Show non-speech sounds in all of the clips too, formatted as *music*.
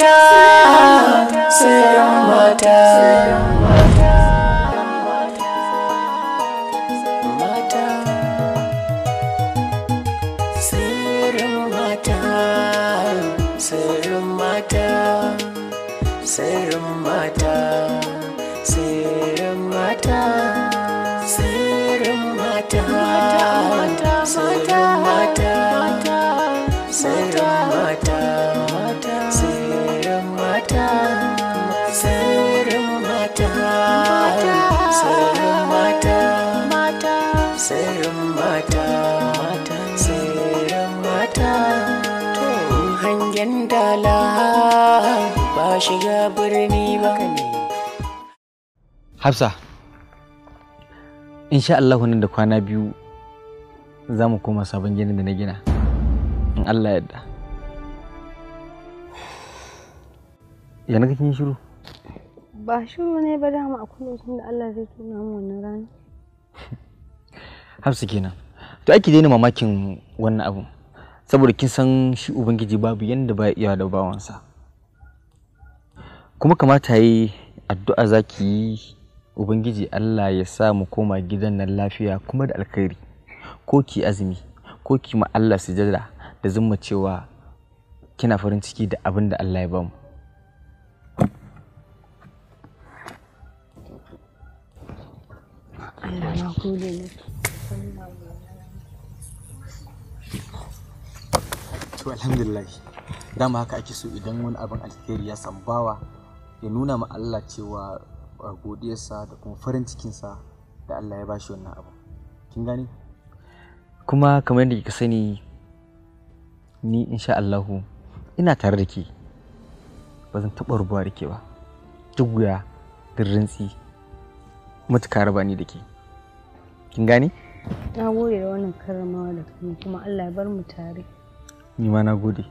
Sit on my matter. Hafsa, sha Allah da kwana biyu za mu koma sabon ginin da na gina. In Allah yadda. Ya na kin shiru? Ba shiru ne ba dama a kullum da Allah zai tuna mu wannan rani. *laughs* Hafsa kenan. To ake daina mamakin wannan abu Saboda kin san shi Ubangiji babu yanda ba iya da bawansa. Kuma kamata yi addu'a zaki yi ubangiji allah ya sa mu koma gidan nan lafiya kuma da alkhairi ko ki azumi ko ki ma allah sujada da zumma cewa kina farin ciki da abin da allah ya bamu mu. alhamdulillah dama haka ake so idan wani abin alkhairi ya sambawa ya nuna ma Allah cewa godiyarsa da kuma farin cikinsa da Allah ya bashi wannan abu kin gani? kuma kamar da kika sani ni insha Allahu ina tare da ke ba zan taɓa rubuwa da ke ba duk wuya duk rintsi matuka raba ni da ke kin gani? na gode da wannan karamawa da kuma Allah ya bar mu tare ni ma na gode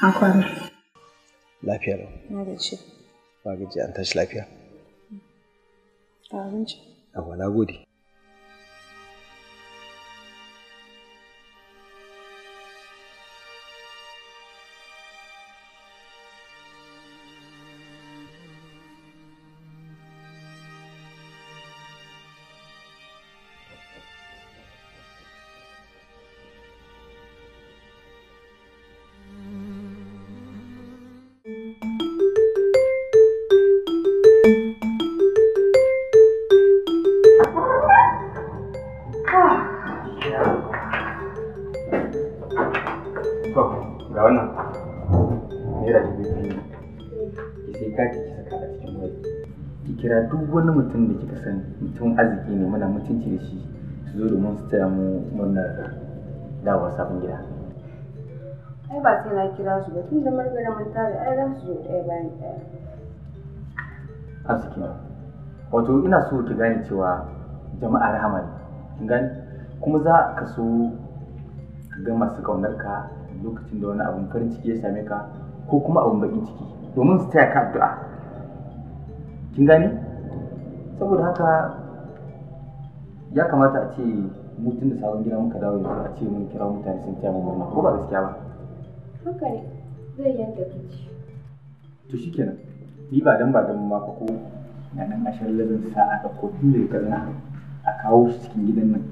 An Lafiya Na gaji an tashi lafiya. A abinci. gode. duk wani mutum da kika san mutum arziki ne muna mutunci da shi su zo domin su taya mu da dawowa sabon gida ai ba sai na kira su ba tun da margara mun tare ai za su zo ɗaya bayan ɗaya arziki wato ina so ki gane cewa jama'a rahama ne kin gane kuma za ka so ga masu kaunar ka lokacin da wani abun farin ciki ya same ka ko kuma abun bakin ciki domin su taya ka addu'a kin gane saboda haka ya kamata a ce mutum da sabon gida muka dawo yanzu a ce mun kira mutane sun taya mu murna ko ba gaskiya ba haka ne zai yanka kici to shikenan ni ba dan ba dan ma fa ko na nan ashirin lazin sa'a da kofin da kaza a kawo shi cikin gidan nan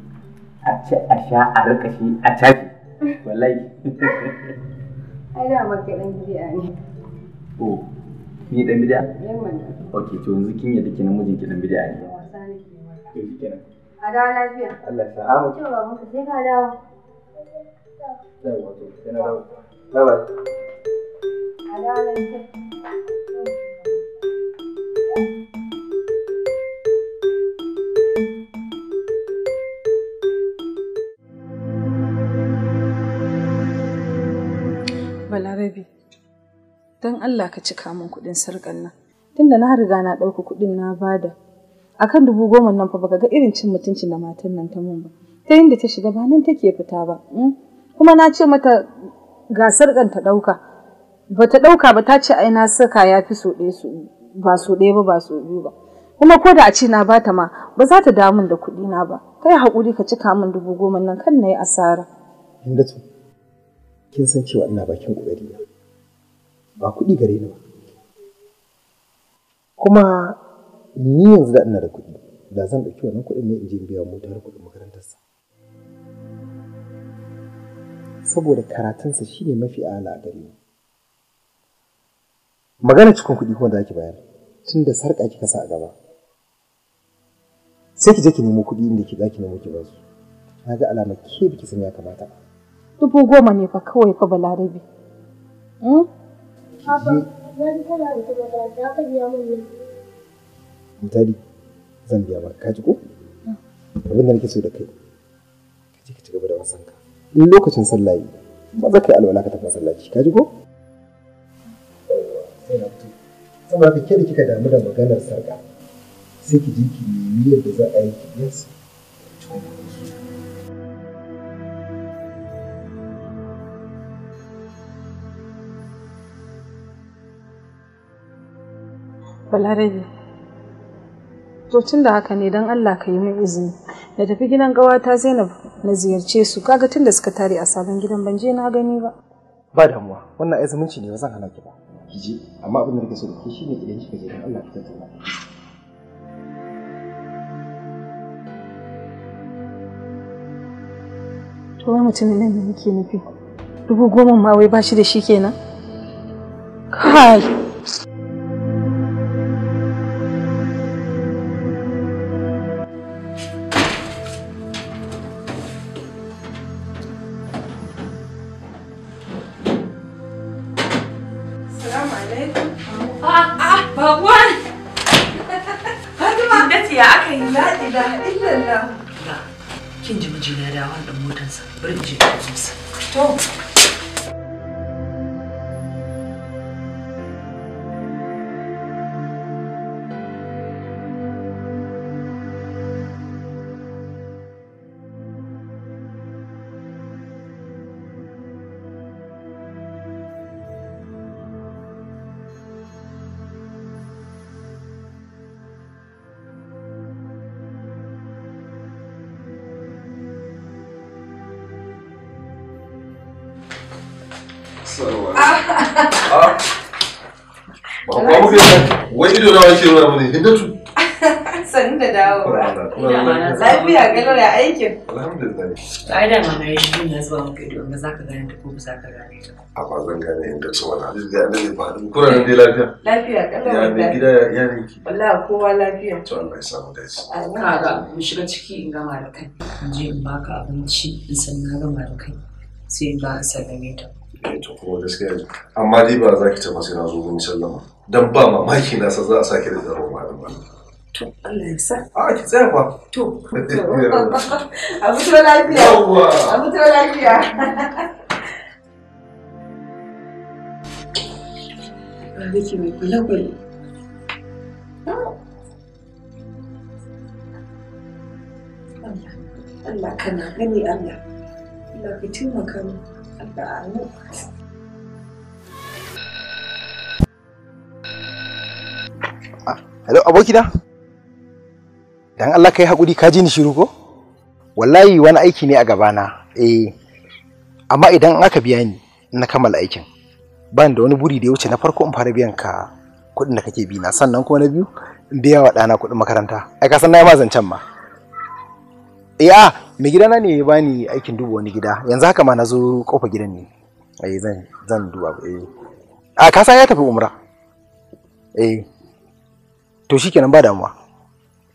a ci a sha a rika shi a caki *laughs* wallahi ai da maka dan gida ne oh Ni dan bid'a? Ok, to yanzu kin yadda namijin ki dan bid'a ne. Yanzu kenan. A lafiya. Allah sa. Amu. Cewa babanka sai ka dawo. dawo. Bye bye. A lafiya. don Allah ka cika min kuɗin sarƙar nan tunda na riga na ɗauka kuɗin na bada akan dubu goma nan fa baka ga irin cin mutuncin da matan nan ta mun ba ta yinda ta shiga ba nan take fita ba hmm? kuma na ce mata ga sarƙar ta ɗauka ba ta ɗauka ba ta ce ai na saka ya fi so ɗaya so ba so ɗaya ba ba so biyu ba kuma ko da a ce na bata ma ba za ta damun da kuɗi na ba kai haƙuri ka cika min dubu goma nan kan na yi asara. Hindatu, kin san cewa ina bakin ƙoƙari ba. ba kuɗi gare ni ba kuma ni yanzu da ina da kuɗi da zan ɗauki wannan kuɗin ne in je biya mota har kuɗin makarantarsa saboda karatunsa shi ne mafi ala a gare ni magana cikin kuɗi kuma da ake bayar tun da sarƙa kika sa a gaba sai ki je ki nemo kuɗi inda ki za ki nemo ki basu na ga alama ke biki san ya kamata dubu goma ne fa kawai fa balarabe hmm? Misali zan biya ba ka ji ko? Ah. Abin da nake so da kai. Ka ka ci gaba da wasan ka. lokacin sallah yi ba za ka yi alwala ka tafi masallaci ka ji ko? Saboda ka ke kika damu da maganar sarka sai ki je ki nemi yadda za a yi ki biya su. Balarabe. To tun da haka ne don Allah ka yi min izini. da tafi gidan ƙawata Zainab na ziyarce su kaga tun da suka tare a sabon gidan ban je na gani ba. Ba damuwa wannan ai zumunci ne ba zan hana ki ba. Ki je amma abin da nake so da ke shine idan kika je don Allah ki tattauna. To wai mutumin nan ne yake nufi. Dubu goma ma wai ba shi da shi kenan. Kai! Ba ba muke wai ido na yake nuna mana hindatu. Sannu da dawowa. Lafiya galau da aikin. Alhamdulillah. Ai da mana yi shi na zuwa muka ido amma ka gane ta ko ba ka gane ta. A ba zan gane inda su wani hadis ga annabi ba hadin kura nan dai lafiya. Lafiya galau. Ya gida ya ne ki. Wallahi kowa lafiya. To Allah ya samu dace. Kaga mu shiga ciki in gama da kai. In je in baka abinci in san na gama da kai. Sai in ba sallame ta. to kuma gaskiya ne amma dai ba za ki taba sai na zo mun sallama dan ba mamaki na sa za a sake da zaro ma ba to Allah ya sa a ki tsaya fa to *laughs* a fito lafiya a fito lafiya Rage mai kwale-kwale. Allah, Allah kana gani Allah, Allah ka taimaka mu. Bravo. Ah, hello abokina? Dan Allah kai hakuri ka ji ni shiru ko? Wallahi wani aiki ne a gabana. Eh. Amma idan aka biya ni na kammala aikin. Ban da wani buri da ya wuce na farko in fara biyan ka kuɗin da kake bi na sannan kuma na biyu in biya wa ɗana kuɗin makaranta. Ai ka san na yi ma zancen ma. Eh, ah, mai gidana ne ya bani aikin duba wani gida yanzu haka ma na zo kofa gidan ne eh zan zan duba eh a kasa ya tafi umra eh to shikenan ba damuwa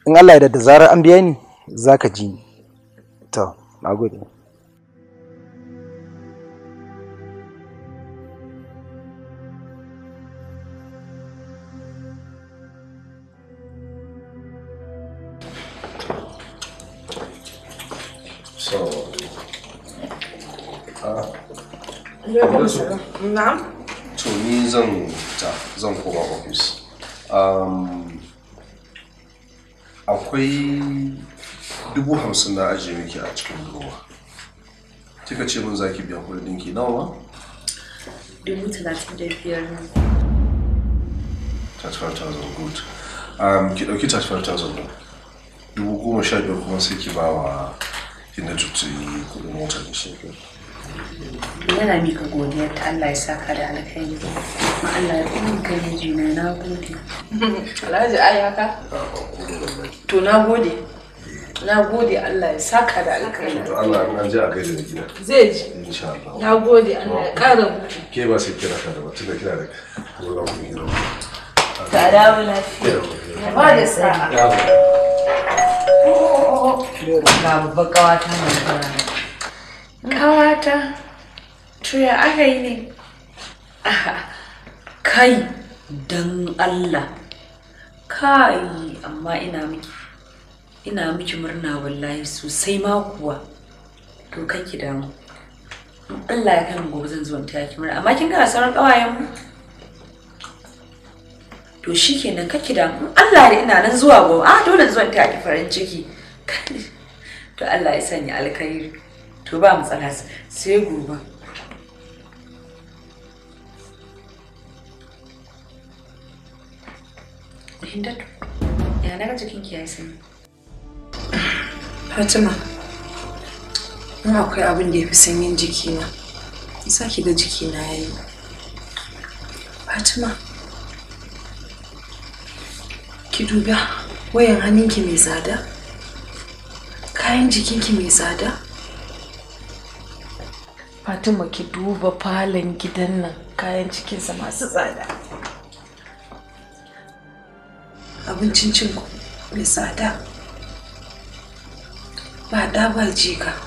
in Allah ya da zarar an biya ni zaka ji to nagode So. Na? To ni zan ta zan koma ofis. Akwai dubu hamsin na ajiye miki a cikin ruwa. Kika ce mun zaki biya kuɗin ki nawa? Dubu talatin da biyar ne. Tatfar thousand good. Ki ɗauki tatfar thousand Dubu goma sha biyar kuma sai ki ba wa inda tuttuyi kudin mota da shefe yana mika godiyar ta Allah ya saka da alkhairi ma Allah ya kuma kai jina na gode *laughs* alhaji ai haka to na gode na gode Allah ya saka da alkhairi to Allah na ji a gaida da gida zai ji insha Allah na gode Allah ya kara buɗe ke ba sai kira ka da mutum da kira da gora mu hira ta dawo lafiya ba da sa'a kawata mai to ya aka yi ne kai don allah kai amma ina miki ina miki murna wallahi sosai ma kuwa to kanki damu Allah ya kai gobe zan zuwan in taya ki murna amma kin ga sauran kawayen mu to shikenan kake da Allah da ina nan zuwa gobe a ah, dole zuwan in taya ki farin ciki to Allah ya sanya alkhairi to ba matsala sai gobe to ya na jikinki ki yayi sanyi. Fatima, Na akwai abin da ya fi sanyin jikina, za ki ga jikina ya yi. Fatima, ki duba wayan hannunki mai tsada? kayan jikinki mai tsada fatima ki duba falon gidan nan kayan cikinsa masu tsada abincin cinku mai tsada ba da ba jika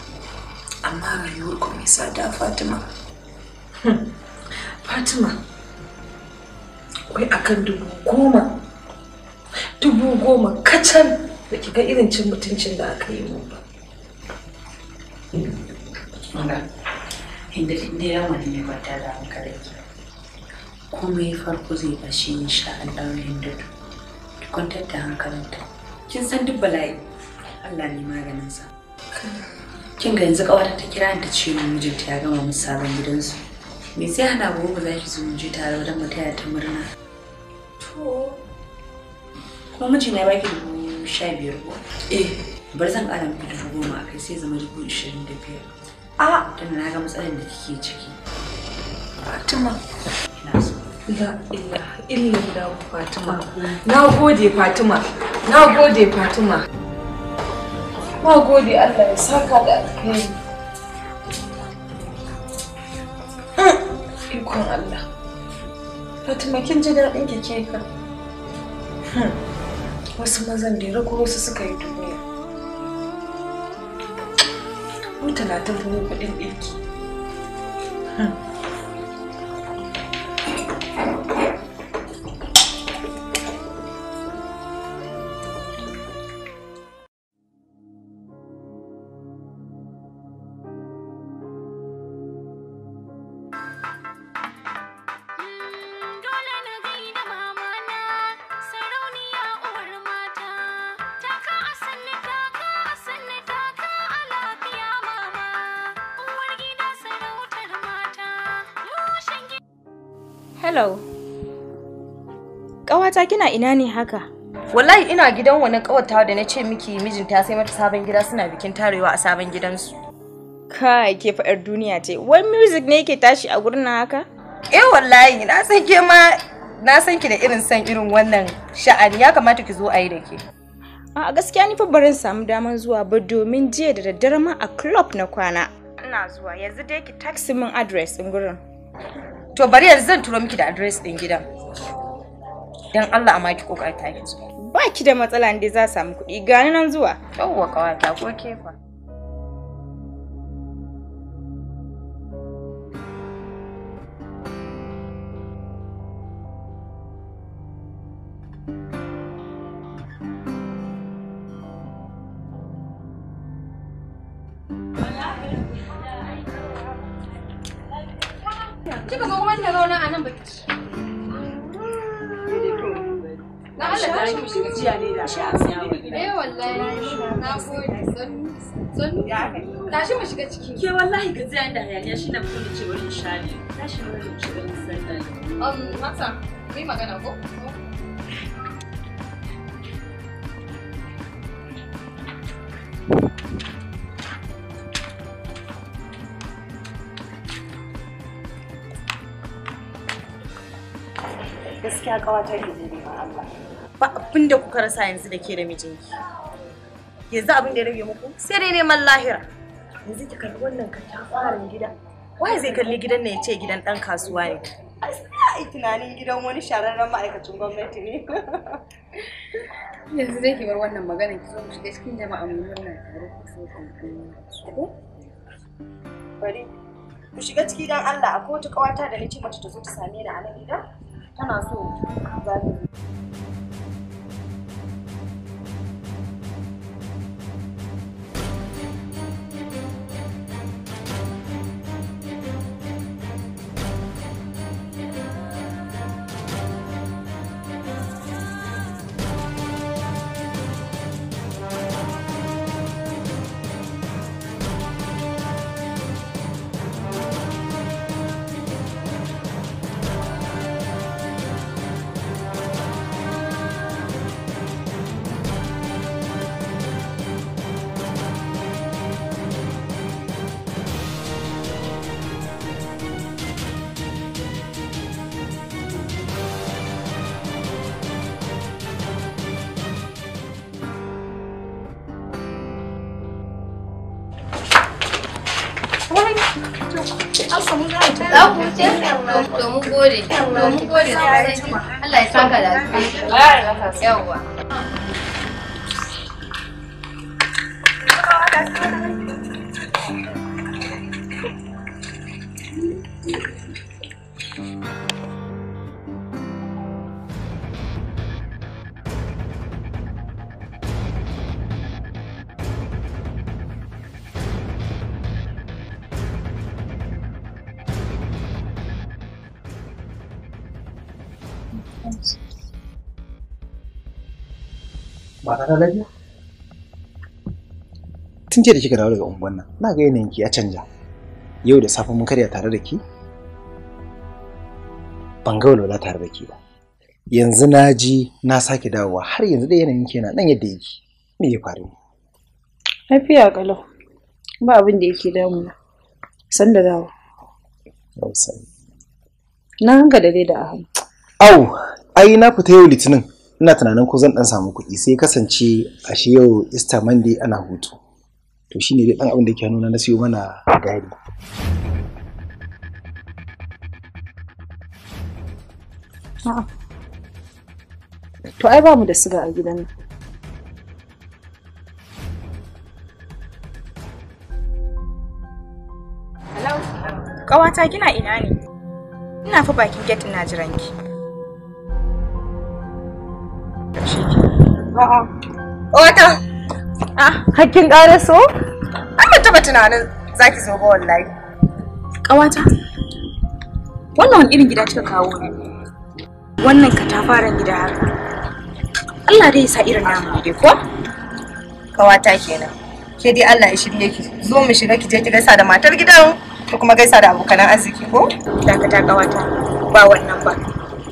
amma rayuwarku mai tsada fatima hmm. fatima kai akan dubu goma dubu goma kacal ba ki ga irin cin mutuncin da aka yi mu ba Mala, inda inda ya wani ne kwanta da hankali komai farko zai bashi insha Allah ne da ki kwantar da hankalinta kin san duk bala'i Allah ne maganin sa kin ga yanzu kawata ta kira ta ce mun mijinta ya gama musu sabon gidansu me sai hana gobe za ki zo mu je tare wajen mu taya ta murna to kuma mijina ya baki dubu dubu sha biyar ko? Eh, bari zan ƙara miki dubu goma a kai sai zama dubu ishirin da biyar. A tana na ga matsalar da kike ciki. Fatima. Ina so. La ilaha illallah Fatima. Na gode Fatima. Na gode Fatima. Na gode Allah ya saka da alkhairi. Hmm. Ikon Allah. Fatima kin ji daɗin kike ka. Hmm. wasu mazan da ya rago wasu suka yi duniya mu talatin kuma kuɗin ɗinki hmm. mata kina ina ne haka? Wallahi ina gidan wani ƙawata da na ce miki mijinta sai mata sabon gida suna bikin tarewa a sabon gidansu. Kai ke faɗar duniya ce, wai music ne yake tashi a gurin na haka? Eh wallahi na san ke ma na san ki da irin san irin wannan sha'ani ya kamata ki zo a yi da ke. A gaskiya ni fa barin samu damar zuwa ba domin jiya da daddare ma a club na kwana. Ina zuwa yanzu dai ki taxi min address din gurin. To bari yanzu zan turo miki da address din gidan. don Allah a ki kokarta ki zuwa ba ki da matsala inda za samu kuɗi ga nan zuwa yawwa kawai ta ko kefa Zonu ya kai. Tashi mu shiga ciki. Ke wallahi gajiya da hayaniya shi na kuma ce wani shari. Tashi mu shiga cikin sandali. Um, Mata, mu magana ko? Gaskiya kawata ke ma Allah. Ba abin da kuka rasa yanzu da ke da mijinki. yanzu abin da ya rage muku sai dai neman lahira yanzu ki kalli wannan ka ta fara gida wai zai kalli gidan ne ya ce gidan ɗan kasuwa ne a yi tunanin gidan wani shararren ma'aikacin gwamnati ne yanzu zai ki bar wannan magana ki zo mu shiga cikin jama'a mu nuna tare ku so ku bari ku shiga ciki dan Allah a wata kawata da nace mace ta zo ta same ni a nan gidan tana so za to mun gode to Allah ya saka da yawa fara lafiya? Tun ce da kika dawo daga unguwan nan, na ga yanayin ki ya canja. Yau da safe mun karya tare da ki? Ban ga walwala tare da ki ba. Yanzu na ji na sake dawowa har yanzu da yanayin ki yana nan yadda yake. Me ya faru? Lafiya kalau. Ba abin da yake damuna. San da dawo. Na hanga da dai da Ahmad. Au, ai na fita yau Litinin. ina tunanin ko zan dan samu kuɗi sai kasance a shi yau Easter Monday ana hutu to shine dai dan abin da ke nuna na siyo mana gari to ai ba mu da siga a gidan nan Hello? Ƙawata kina ina ne? Ina fa bakin gate ina jiranki. Wata. Ah, hakkin ƙara so? An ba tunanin za ki zo ba wallahi. Ƙawata, wannan wani irin gida kika kawo ne? Wannan katafaren gida haka. Allah dai sa irin namu ne ko? Ƙawata kenan. Ke dai Allah ya shirye ki. Zo mu shiga ki je ki gaisa da matar gidan ko kuma gaisa da abokan arziki ko? Dakata ƙawata ba wannan ba.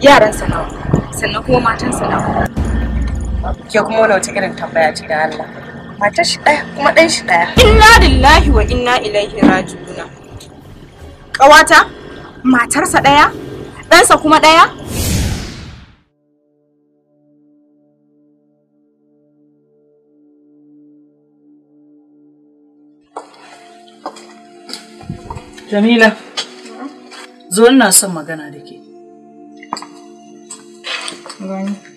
Yaran sana'a sannan kuma matan sana'a. ke kuma wani wata irin tambaya ce da Allah matar shi ɗaya kuma ɗan shi ɗaya inna lillahi wa inna ilaihi raji'una ƙawata matarsa ɗaya ɗansa kuma ɗaya Jamila, zo ina son magana da ke. Gani.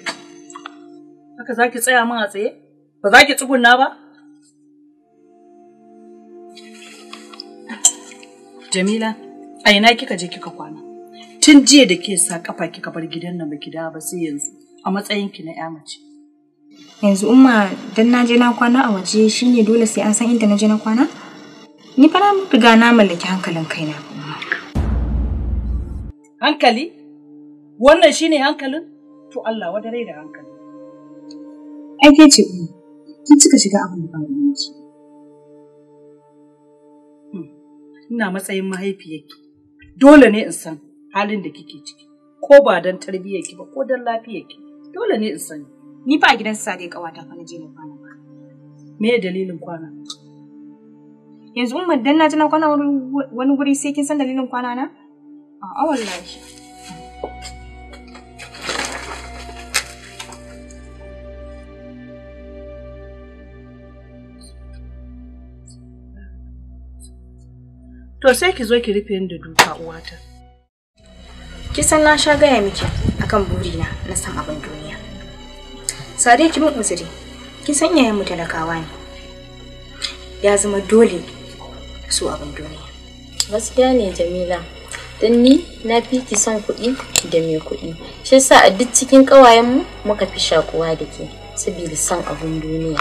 Haka za ki tsaya min a tsaye? Ba za ki tsugunna ba? Jamila, a ina kika je kika kwana? Tun jiya da ke sa kafa kika bar gidan nan baki dawo ba sai yanzu a matsayin ki na ƴa mace. Yanzu umma dan na je na kwana a waje shine dole sai an san inda na je na kwana? Ni fara na riga na mallaki hankalin kaina. Hankali? Wannan shine hankalin? To Allah wadare da hankali. ai kai ce uwa mm, kin cika shiga abin da ba ki hmm, ina matsayin mahaifiyarki dole ne in san halin da kike ciki ko ba don tarbiyyarki ba ko don lafiyarki dole ne in sani ni ba gidan dai kawata fa na je na kwana ba me ya dalilin kwana yanzu umma dan na ji na kwana wani guri sai kin san dalilin kwana na a'a wallahi To sai ki zo ki rufe ni da duka uwata. Ki san na sha gaya miki akan burina na san abin duniya. Sadiya ki mun uzuri. ki san iyayen mu talakawa ne. Ya zama dole su abin duniya. Gaskiya ne Jamila. Dan ni na fi ki son kuɗi da mai kuɗi. Shi yasa a duk cikin mu muka fi shakuwa da ke saboda san abin duniya.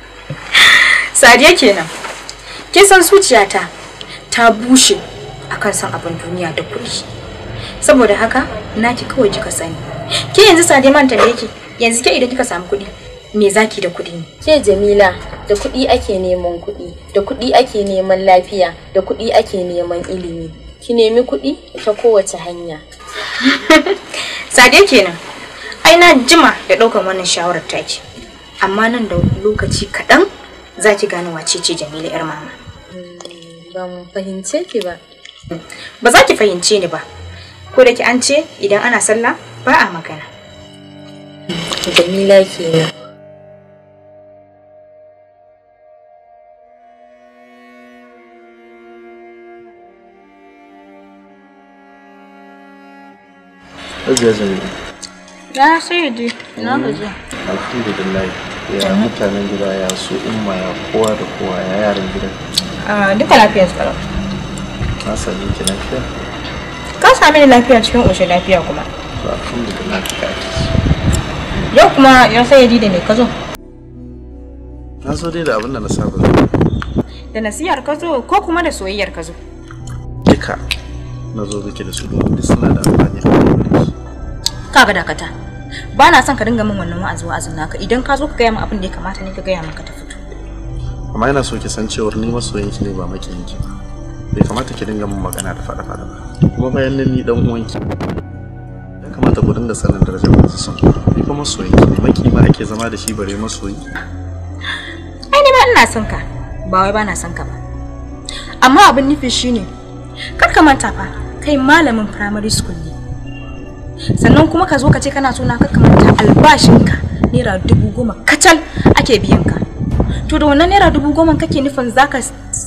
*laughs* Sadiya kenan. kin san zuciyata ta bushe akan san abin duniya da kuɗi saboda haka naki kawai kika sani ke yanzu sade man ta yake. yanzu ke idan kika samu kuɗi me zaki da kuɗi ne ke jamila da kuɗi ake neman kuɗi da kuɗi ake neman lafiya da kuɗi ake neman ilimi ki nemi kuɗi ta kowace hanya *laughs* sade kenan ai na jima da ɗaukan wannan shawarar taki amma nan da lokaci kaɗan za ki gane wace ce jamila 'yar mama ban fahimce ki ba ba za ki fahimce ni ba ko da ki an ce idan ana sallah ba a magana jamila kenan Na sai dai, na gaji. Alhamdulillah. ya mutanen gida ya su umma ya kowa da kowa ya yaran gida ah, duka lafiyar tsaro ka sami ki lafiya ka sami ni lafiya cikin ƙoshin lafiya kuma to alhamdulillah ka ake yau kuma ya sai ya dide ne ka zo na zo dai da abin da na saba da nasiyar ka zo ko kuma da soyayyar ka zo duka na zo miki da su domin suna da amfani a ka ga dakata ba na son ka dinga min wannan wa'azi wa'azin naka idan ka zo ka gaya min abin da ya kamata ne ka gaya min ka ta fito amma ina so ki san cewar ni masoyin ki ne ba makiyin ki bai kamata ki dinga min magana da fada fada ba kuma bayan nan ni dan uwan ki ya kamata ku dinga sanin darajar su san ni fa masoyin ki ne maki ma ake zama da shi bare masoyi ai ne ma ina son ka ba wai bana son ka ba amma abin nufi shine kar ka manta fa kai malamin primary school ne sannan kuma ka zo ka ce kana so na albashin albashinka naira dubu goma kacal ake biyan ka to da wannan naira dubu goma kake nufin za ka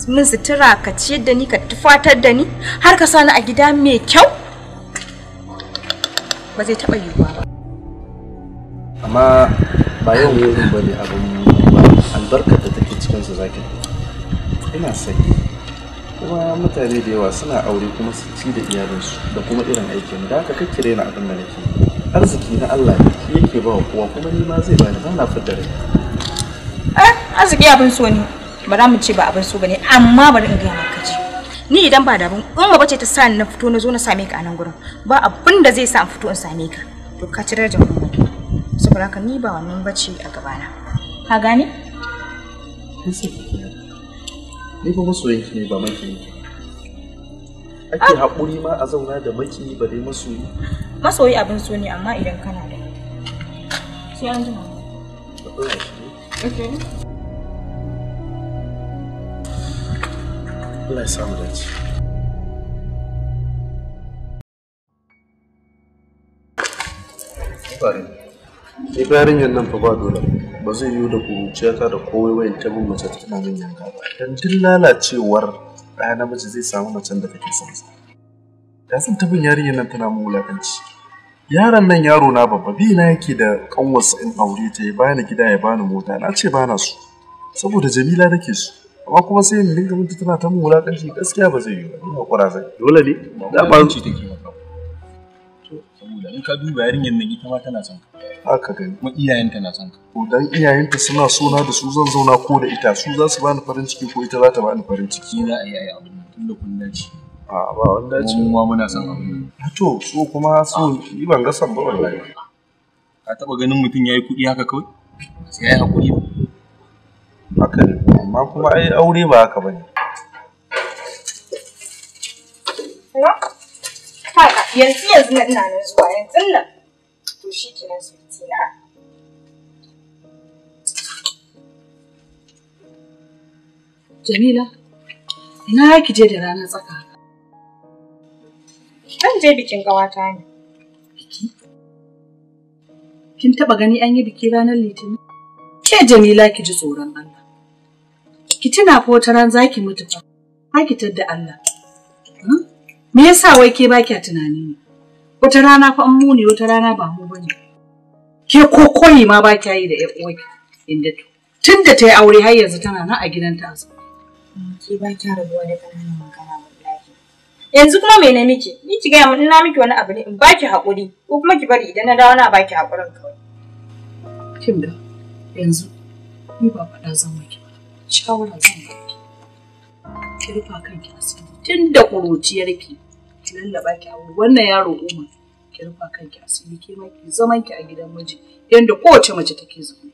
min sutura ka ciyar da ni ka tufatar da ni har ka sani a gida mai kyau ba zai taɓa yiwuwa ba amma ba yau ne ba bane abin albarkar da take su zaki ina sani kuma mutane da yawa suna aure kuma su ci da iyalinsu da kuma irin aikin da aka kake raina abin da nake arziki na Allah ne shi yake ba kowa kuma ni ma zai bani ba na fidda rai eh arziki abin so ne ba za mu ce ba abin so bane amma bari in ga maka ji ni idan ba da in ba bace ta sa na fito na zo na same ka a nan gurin ba abin da zai sa in fito in same ka to ka ci da mu saboda ka ni ba wannan bace a gabana ka gane ni ba masoyin ki ne ba maki ne. ake ah! haƙuri ma a zauna da maki ba dai masoyi masoyi abin so ne amma idan kana da sai an jima Allah ya samu dace. Bari. ni yarinyar nan fa ba dole ba zai yiwu da kuruciyata da kowai wayan ta bin mace tana min yanka ba dan duk lalacewar ɗaya namiji zai samu macen da take son sa ta san ta bin yarinyar nan tana mun wulakanci yaron nan yaro na babba bi na yake da kanwarsa in aure ta ya bani gida ya bani mota na ce bana su saboda jamila nake su amma kuma sai in dinga mutu tana ta mu wulaƙanci, gaskiya ba zai yiwu ba ina hakura zai dole ne da ba ci take in ka duba yarinyar nan ita ma tana son ka haka gani kuma iyayenta na son ka to dan iyayenta suna sona da su zan zauna ko da ita su za su bani farin ciki ko ita za ta bani farin ciki za a yi abin nan tunda kun dace. a ba wanda ce mu ma muna son abin to so kuma so ni ban ga san ba wallahi ka taba ganin mutum yayi kuɗi haka kawai sai yayi hakuri ba haka ne amma kuma ai aure ba haka bane Yeah. yanzu yanzu na ina nan zuwa yanzu nan to shi kenan sarki na Jamila, na ki je da ranar tsaka. Zan je bikin gawata ne. Biki? Kin taba gani an yi biki ranar Litinin? Ke Jamila ki ji tsoron Allah. Ki tuna fa wata ran zaki mutu fa. Ki tadda Allah. Me yasa wai ke ba kya tunani ne? Wata rana fa mu ne wata rana ba mu bane. Ke ko koyi ma ba kya yi da ƴar ki inda to. Tun da ta yi aure har yanzu tana nan a gidanta azu. Mm, ke ba kya rabuwa da ƙananan magana wallahi. Yanzu kuma me ne miki? Ni ki gaya mun na miki wani abu ne in ba ki hakuri, ko kuma ki bari idan na dawo na ba ki kawai. Kin da yanzu ni ba faɗa zan miki ba. Shawara zan baki. Ki rufa kanki asiri tun da ƙuruciyarki. ki lallaba ki aure wannan yaro umar ki rufa kanki asiri ke ma ki zaman ki a gidan miji yanda kowace mace take zaune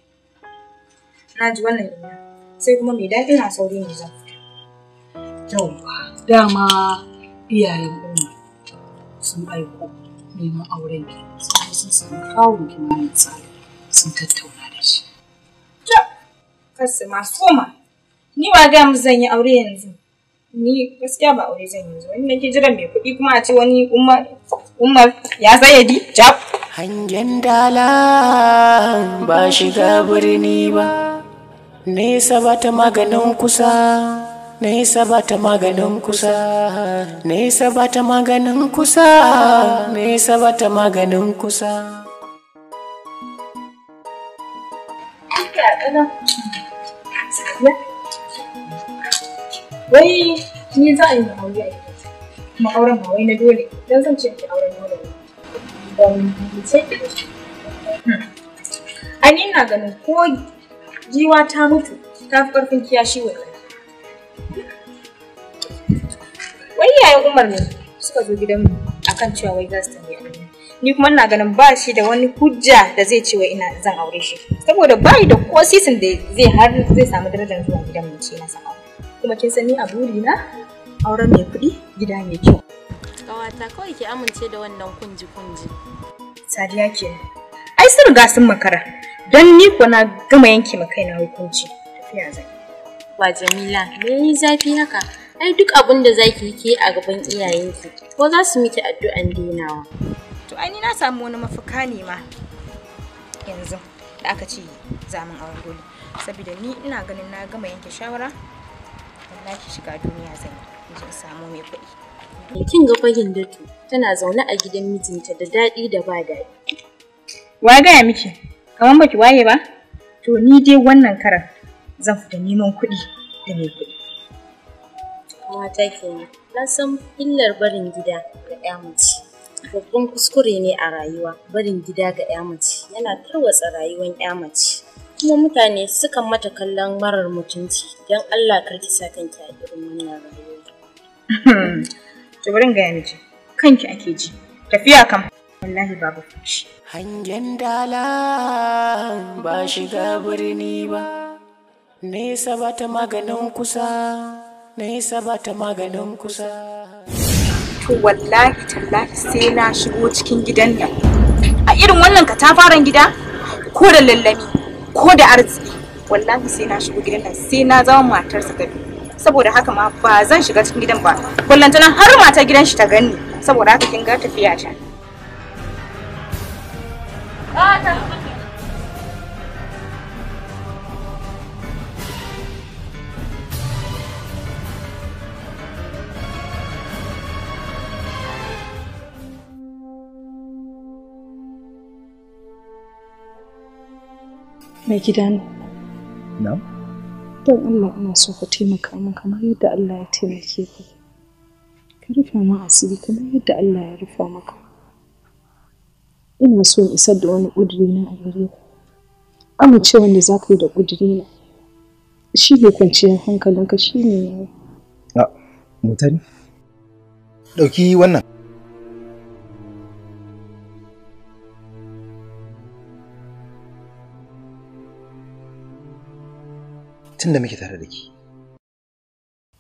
na ji wannan ina sai kuma mai daɗi na sauri ne zan yauwa dama iyayen umar sun aiko neman auren ki sai sun samu kawun ki mai tsari sun tattauna da shi kasima soma ni ma ga mu zan yi aure yanzu ni gaskiya ba aure zan yi. wani ke jiran mai kuɗi kuma a ce wani umar umar ya di jab hangen dala ba shiga birni ba nesa ba ta maganin kusa Nesa ba ta maganin kusa, nesa ba ta maganin kusa, nesa ba ta maganin kusa. Ya, wai ni za a yi aure kuma auren ba wai na dole don zan ce ki auren dole don ce hmm. ai ni ina ganin ko jiwa ta mutu ta fi ƙarfin kiyashi wa wai yayin umar ne suka zo gidanmu akan cewa wai za su tambaye ni kuma ina ganin ba shi da wani hujja da zai ce wai ina zan aure shi saboda ba da ko sisin da zai har zai samu darajar zuwa gidan mace na aure kuma kin san a buri na auren mai kuɗi gida mai kyau. Kawata kawai ke amince da wannan kunji kunji. Sadiya ke. Ai sun riga sun makara. Don ni ko na gama yanke ma kaina hukunci. Tafiya zai. Wa Jamila, me yi zafi haka? Ai duk abin da zaki ke a gaban iyayenki. Ko za su miki addu'an dinawa. To ai ni na samu wani mafuka ne ma. Yanzu da aka ce zamin auren dole. Saboda ni ina ganin na gama yanke shawara wallahi shiga duniya zan yi in samu mai kuɗi kin ga fagin tu tana zaune a gidan mijinta da daɗi da ba daɗi wa gaya miki kamar baki waye ba to ni dai wannan karan zan fita neman kuɗi da mai kuɗi mata kenan na san illar barin gida ga ƴa mace babban kuskure ne a rayuwa barin gida ga ƴa mace yana tarwatsa rayuwar ƴa mace kuma mutane sukan mata kallon marar mutunci don Allah karki sa kanki a irin wannan rayuwa. To bari ga ji, kanki ake ji tafiya kam wallahi babu fushi. Hangen dala ba shiga birni ba nesa ba ta maganin kusa nesa ba ta maganin kusa. To wallahi tallahi sai na shigo cikin gidan nan a irin wannan katafaren gida ko da lallami. ko da arziki wallahi sai na shigo gidan nan sai na zama matarsa ta saboda haka ma ba zan shiga cikin gidan ba kullantana har mata gidan shi ta gani saboda haka kin ga tafiya ta mai gida ne na don allah ina so ka taimaka min kamar yadda allah ya taimake ka ka rufe min asiri kamar yadda allah ya rufa maka ina so in isar da wani ƙudiri na a gare ka amince wanda za ka yi da ƙudiri na shi ne kwanciyar hankalinka shi ne ya yi mutane ɗauki wannan tun da muke tare da ki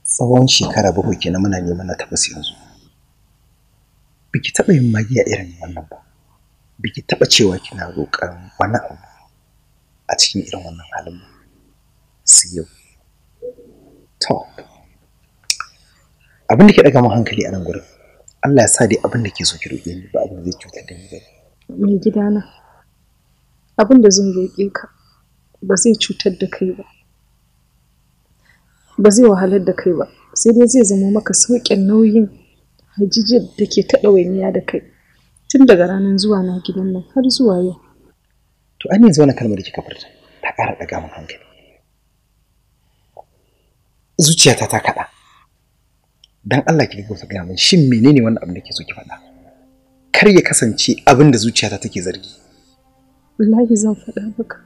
tsawon shekara bakwai kenan muna neman na tabbas yanzu biki taɓa yin magiya irin wannan ba biki taɓa cewa kina roƙar wani abu a cikin irin wannan halin ba su yau to abin da ke ɗaga min hankali a nan gurin Allah ya sa dai abin da ke so ki roƙe ni ba abin da zai cutar da ni ba mai gidana abin da zan roƙe ka ba zai cutar da kai ba ba zai wahalar da kai ba sai dai zai zama maka sauƙin nauyin hajijiyar da ke ta ɗawainiya da kai tun daga ranar zuwa na gidan nan har zuwa yau. To an yanzu wani kalmar da kika furta ta ƙara ɗaga min hankali. Zuciyata ta kaɗa. Dan Allah ki gausa gaya min shin menene wannan abin da ke so ki faɗa? Kar ya kasance abin da zuciyata take zargi. Wallahi zan faɗa maka.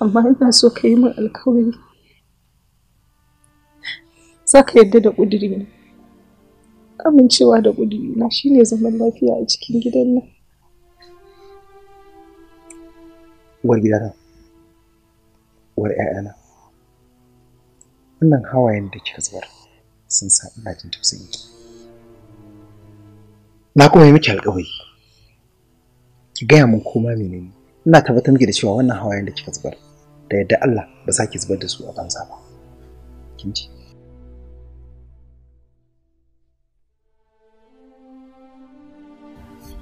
Amma ina so ka yi min alkawari. za ka yarda da ne amincewa da na shine zaman lafiya a cikin gidan nan uwar gidana uwar 'ya'yana wannan hawayen da kika zubar sun sa ina jin tausayin ki na kuma yi miki alƙawari ki gaya min koma menene ina tabbatar miki da cewa wannan hawayen da kika zubar da yadda Allah ba za ki zubar da su a banza ba kin ji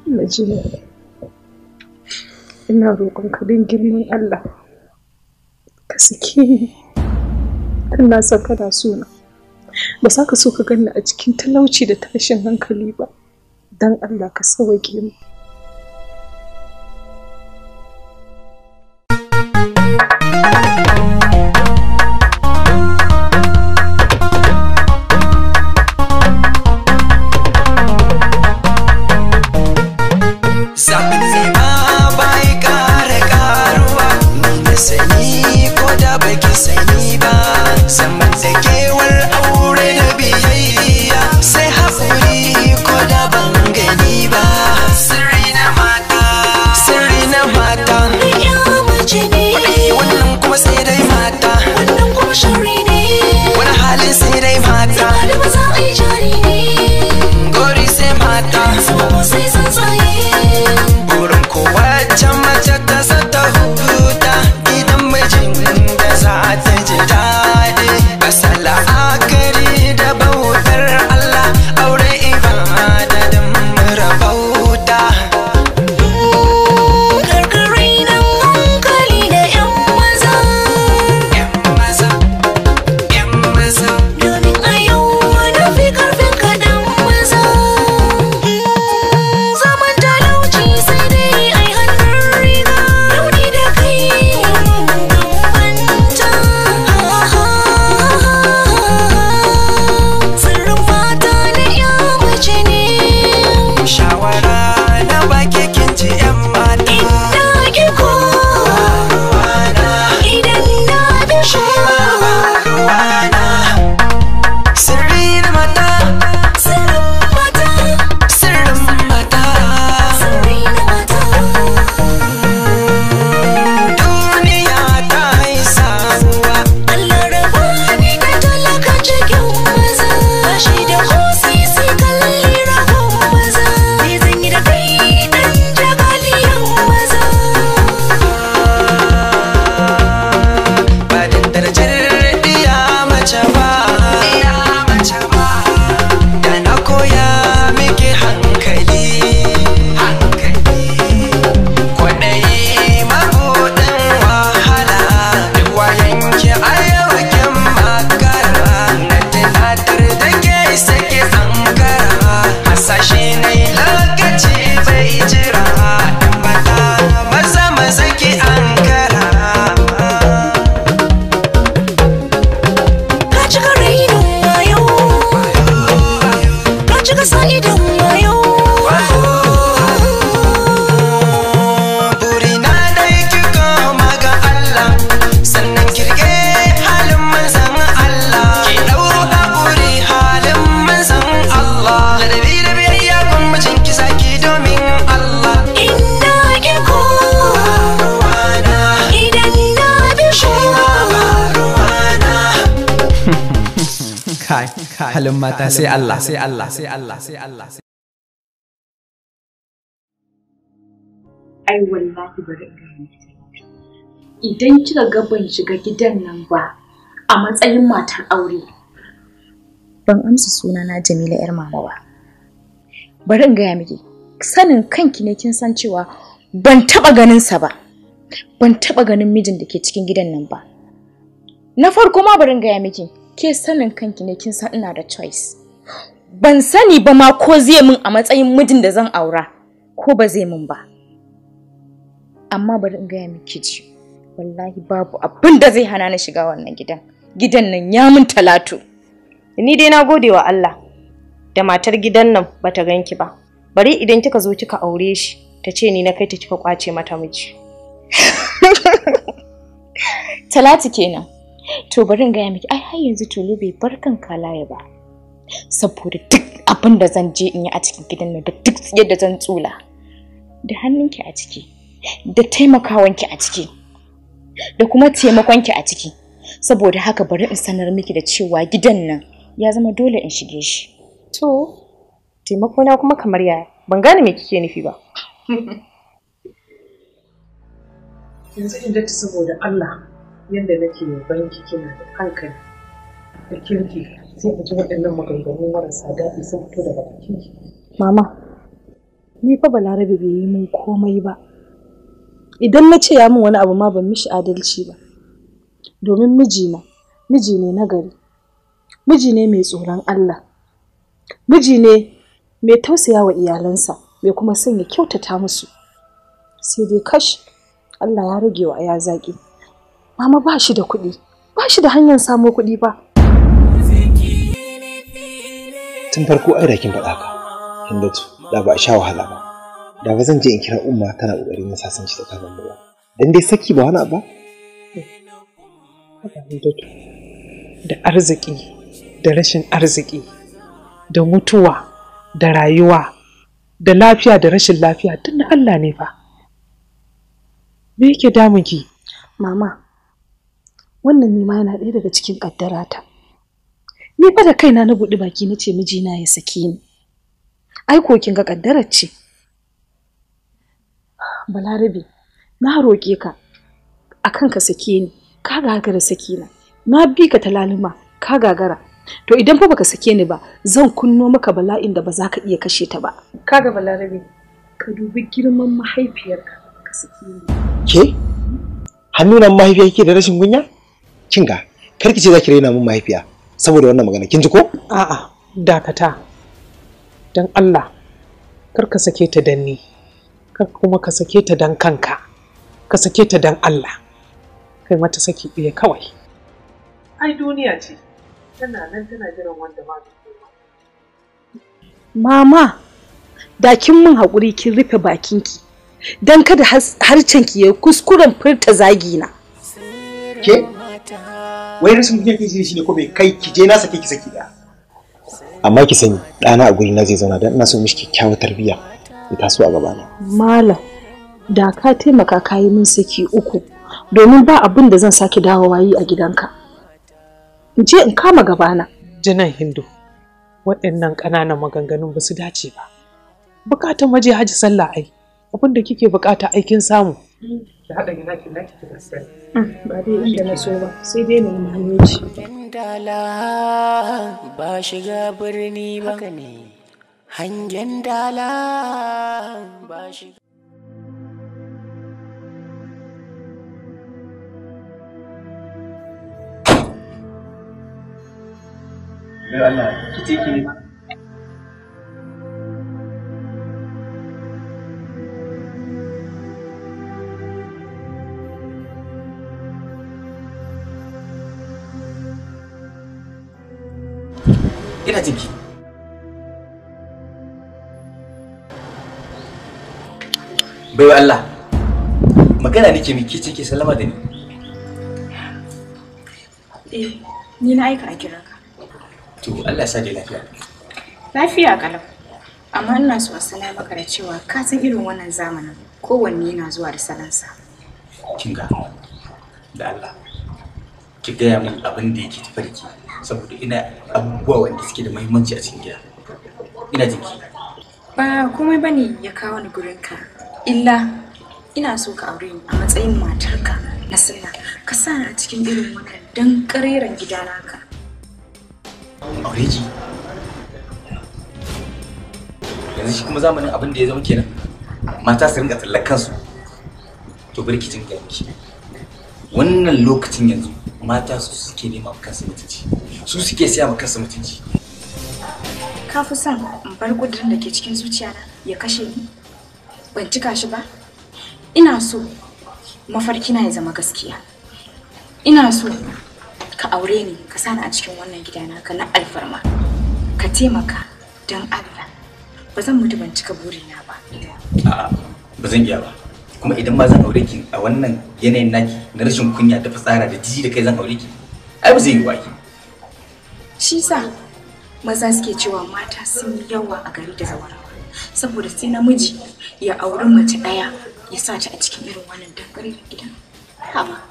Najib, ina roƙonka don girman Allah, ka sake ni, don na san Ba sa ka so ka ganni a cikin talauci da tashin hankali ba, don Allah ka sauke mu. Allah sai Allah sai Allah sai Allah sai Allah ai wallahi bari in gaya miki idan kika ga ban shiga gidan nan ba a matsayin matar aure ban amsa suna na Jamila yar mama ba bari in gaya miki sanin kanki ne kin san cewa ban taba ganin sa ba ban taba ganin mijin da ke cikin gidan nan ba na farko ma bari in gaya miki ke sanin kanki ne kin san ina da choice ban sani ba ma ko zai min a matsayin mijin da zan aura ko ba zai min ba amma bari in gaya miki ji wallahi babu abin da zai hana ni shiga wannan gidan gidan nan ya mun talatu ni dai na gode wa Allah da matar gidan nan bata ganki ba bari idan kika zo kika aure shi ta ce ni na kai ta kika kwace mata miji *laughs* talatu kenan to bari in gaya miki ai har yanzu tulu bai bar kan kalaya ba saboda duk abin da zan je in yi a cikin gidan nan da duk yadda zan tsula da hannunki a ciki da taimakawanki a ciki da kuma taimakonki a ciki saboda haka bari in sanar miki da cewa gidan nan ya zama dole in shige shi to taimakona kuma kamar yaya ban gane me kike nufi ba *laughs* yanzu in saboda Allah yadda nake yaban ciki na da hankali da kirki sai a ji waɗannan maganganu marasa daɗi sun fito daga bakin mama ni fa balarabe bai yi min komai ba idan na ce ya min wani abu ma ban mishi adalci ba domin mijina miji ne na gari miji ne mai tsoron Allah miji ne mai tausaya wa iyalansa mai kuma son ya kyautata musu sai dai kash Allah ya rage wa ya zaƙi mama ba shi da kuɗi ba shi da hanyar samo kuɗi ba tun farko ai da kin faɗa ka hindatu da ba a sha wahala ba da ba zan je in kira umma tana ƙoƙarin na sasan shi tsakanin mu ba dan dai saki ba wani abu da arziki da rashin arziki da mutuwa da rayuwa da lafiya da rashin lafiya duk na Allah ne fa me yake damunki? ki mama wannan nima yana ɗaya daga cikin ta. ni fa da kaina na buɗi baki na ce mijina ya sake ni ai ko kin ga ƙaddarar ce balarabe na roƙe ka akan ka sake ni ka gagara sake na na bi ka talalima ka gagara to idan fa baka sake ni ba zan kunno maka bala'in da ba za ka iya kashe ta ba kaga balarabe ka dubi girman mahaifiyarka ka sake ni ke hannunan mahaifiyar ke da rashin kunya kin ga karki ce zaki raina min mahaifiya saboda wannan magana kin ji ko a'a dakata dan Allah kar ka sake ta dan ni kar kuma ka sake ta dan kanka ka sake ta dan Allah kai mata saki ɗaya kawai ai duniya ce tana nan tana jiran wanda ba mama da kin min haƙuri kin rufe bakinki don kada ki ya kuskuren furta zagina. Ke? wai rashin kunya kake shi ne ko bai kai ki je na sake ki saki da amma ki sani ɗana a guri na zai zauna don ina so mishi kyakkyawar tarbiyya ya taso a gaba na malam da ka taimaka ka yi min saki uku domin ba abin da zan sake dawo wayi a gidanka in je in kama gabana jinan hindu waɗannan ƙananan maganganun ba su dace ba bukatan maje haji sallah ai abin da kike bukata aikin samu ki haɗa yana ki naki ki ba dai inda na so ba sai dai na yi mahalmici dala ba shiga birni ba ne hangen dala ba shiga Allah, ki ce ki ina jinki baiwa Allah magana nake miki cike salama da ni eh ni na aika a kira ka to Allah sa dai lafiya lafiya kalau amma ina so a maka da cewa ka san irin wannan zamanin kowanne yana zuwa da salansa kinga da Allah ki gaya min abin da yake tafarki saboda ina abubuwa wanda suke da mahimmanci a cikin gida ina jiki. ba komai bane ya kawo ni gurin ka illa ina so ka aure ni a matsayin matarka na sunna ka sa ni a cikin irin wannan dan ƙareren gida ka. aure ji yanzu shi kuma zamanin abin da ya zama kenan mata su ringa tallar kansu to birkitin ga miki wannan lokacin yanzu mata su suke nema kansu mutunci su suke siya ma kansu mutunci ka fi son in bar kudirin da ke cikin zuciyana ya kashe ni ban cika shi ba ina so mafarkina ya zama gaskiya ina so ka aure ni ka sani a cikin wannan gidana ka na alfarma ka taimaka don allah ba zan mutu ban cika burina ba a'a ba zan iya ba kuma idan ma zan aure ki a wannan yanayin naki na rashin kunya da fasara da jiji da kai zan aure ki ai ba zai yi waki shi sa maza suke cewa mata sun yi yawa a gari da zawarawa saboda sai namiji ya auri mace daya ya sa ta a cikin irin wannan dangare gidan haba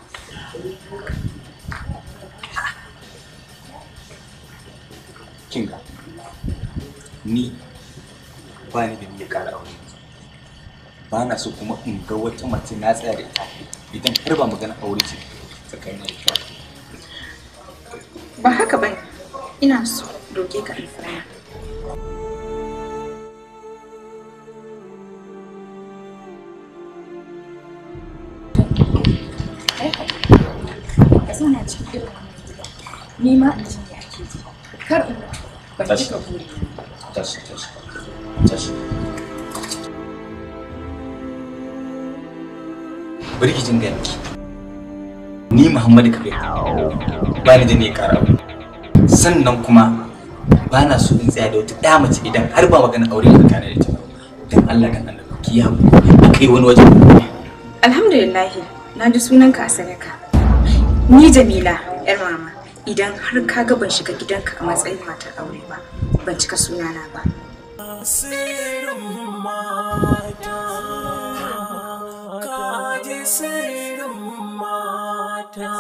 kinga ni ba ni da ni ya kara aure ba na so kuma in ga wata mace na tsaya da ita idan har ba magana aure ce tsakanin da ba haka bane ina so doke ka alfarma ka zauna cikin irin ni ma in ji ake ji kar in ba ki ka buri tashi tashi tashi bari da ni Muhammadu Kabir ba ni da ne kara sannan kuma ba na so in tsaya da wata ɗaya mace idan har ba magana aure da kana da ita dan Allah kan Allah ki ya kai wani waje alhamdulillah na ji sunanka a sadaka ni Jamila yar mama idan har ka ga ban shiga gidanka a matsayin matar aure ba ban cika sunana ba mata sirrin mata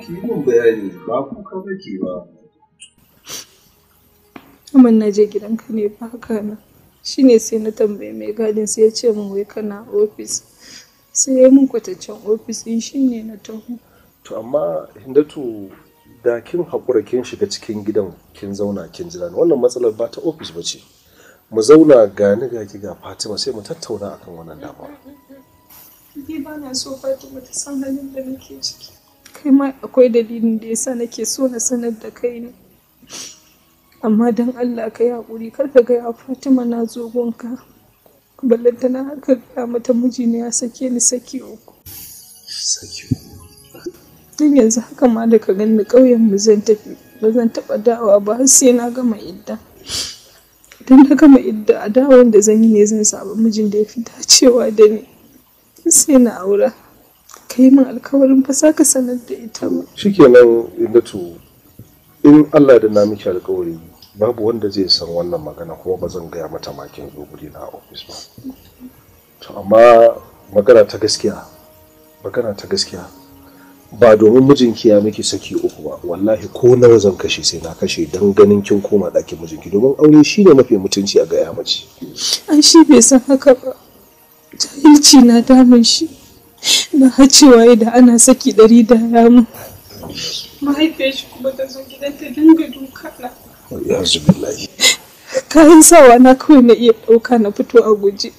kiwon bayani ba kuka kake ba Aman na je gidanka ne ba haka na shi ne sai na tambaye mai gadin sai ya ce min wai kana ofis sai ya min ofis din shi ne na taho to amma hindatu da kin haƙura kin shiga cikin gidan kin zauna kin jira wannan matsalar ba ta ofis ba ce mu zauna ga ni ga ki ga Fatima sai mu tattauna akan wannan damuwa. Ni ba na so Fatima ta san halin da nake ciki. Kai ma akwai dalilin da yasa nake so na sanar da kai ne. Amma don Allah ka yi kar ka gaya Fatima na zo gonka. Ballanta na harka mata miji ne ya sake ni saki uku. Saki uku. yanzu haka ma da ka gani ƙauyen mu zan tafi. Ba zan taɓa dawa ba har sai na gama idda. idan na gama idda a dawon da zan yi ne zan samu mijin da ya fi dacewa da ni sai na aura ka yi min alkawarin fasa za ka sanar da ita ba shikenan tu in Allah da na miki alkawari babu wanda zai san wannan magana kuma ba zan gaya mata makin zo guri na ofis ba to amma magana ta gaskiya magana ta gaskiya ba domin mijinki ya miki saki uku ba wallahi ko nawa zan kashe sai na kashe don ganin kin koma ɗakin mijinki domin aure shi ne mafi mutunci a gaya mace An shi bai san haka ba jahilci na damun shi na hacewa idan ana saki ɗari da yamu mahaifiyar shi kuma ta zo gidan ta dinga duka na ya zubillahi kayan sawa na kawai na iya ɗauka na fito a guje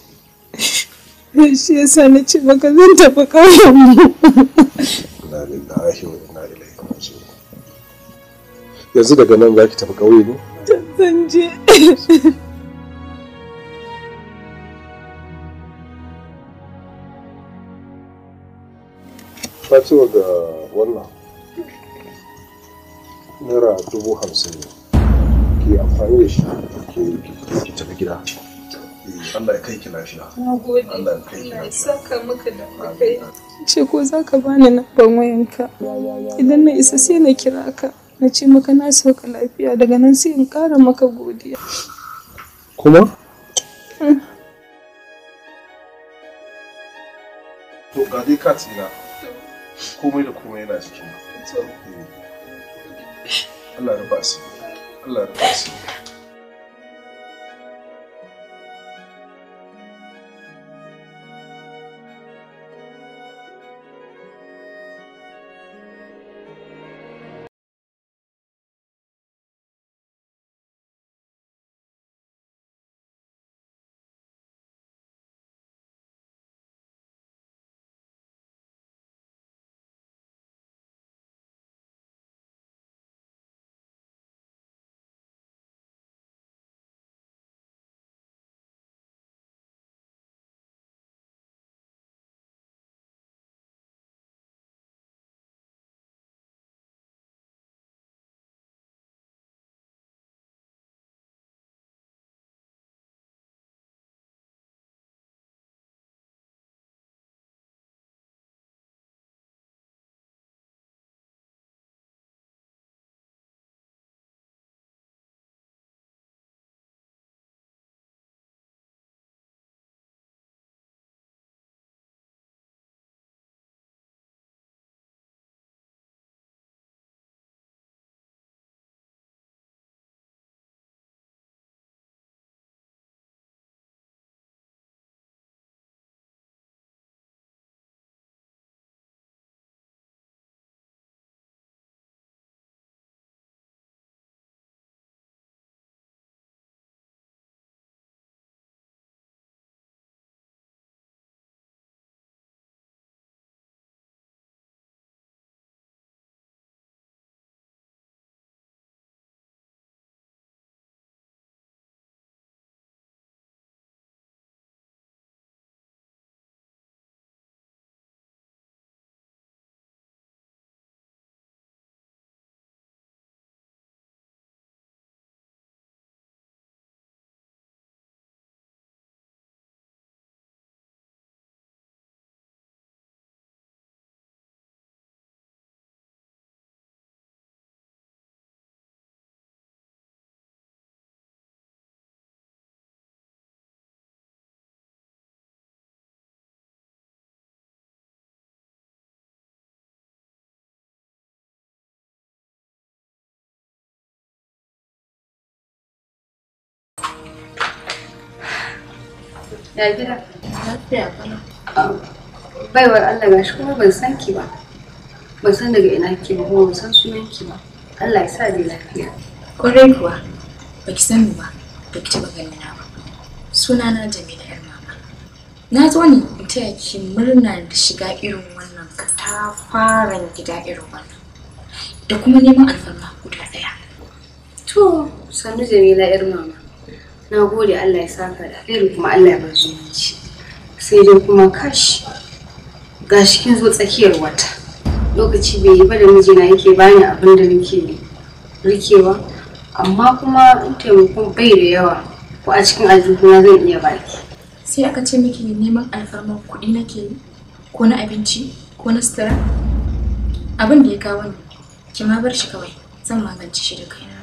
shi yasa na ce maka zan tafi ƙauyen mu inna lillahi wa inna ilaihi yanzu daga nan zaki tafi kauye ne zan je ta ce ga wannan naira dubu hamsin ne ke amfani da shi ke tafi gida eh, Allah ya kai ki lafiya. Allah ya kai ki lafiya. Allah da kai. ce ko za ka bani namban wayanka idan na isa sai na kira ka na ce maka na sauka lafiya daga nan sai in kara maka godiya kuma to ga dai ka tsira komai da komai yana cikin eh. Allah ya ba Allah ya ba Ya gida? Lafiya kana. Baiwar Allah gashi kuma ban san ki ba. Ban san daga ina ki ba kuma ban san sunan ki ba. Allah ya sa dai lafiya. Kwarai kuwa baki san ni ba baki taɓa ganin na ba. Suna na Jamila yar mama. Na zo ne in taya ki murna da shiga irin wannan katafaren gida irin wannan. Da kuma neman alfarma guda ɗaya. To sannu Jamila yar mama. na gode Allah ya saka da alheri kuma Allah ya bar zumunci sai dai kuma kash gashi kin zo tsakiyar wata lokaci bai yi ba da mijina yake bani abin da nake rikewa amma kuma in taimakon bai da yawa ko a cikin aljihuna zan iya baki sai aka ce miki neman alfarmar kuɗi nake yi ko na abinci ko na sutura abin da ya kawo ni ki ma bar shi kawai zan magance shi da kaina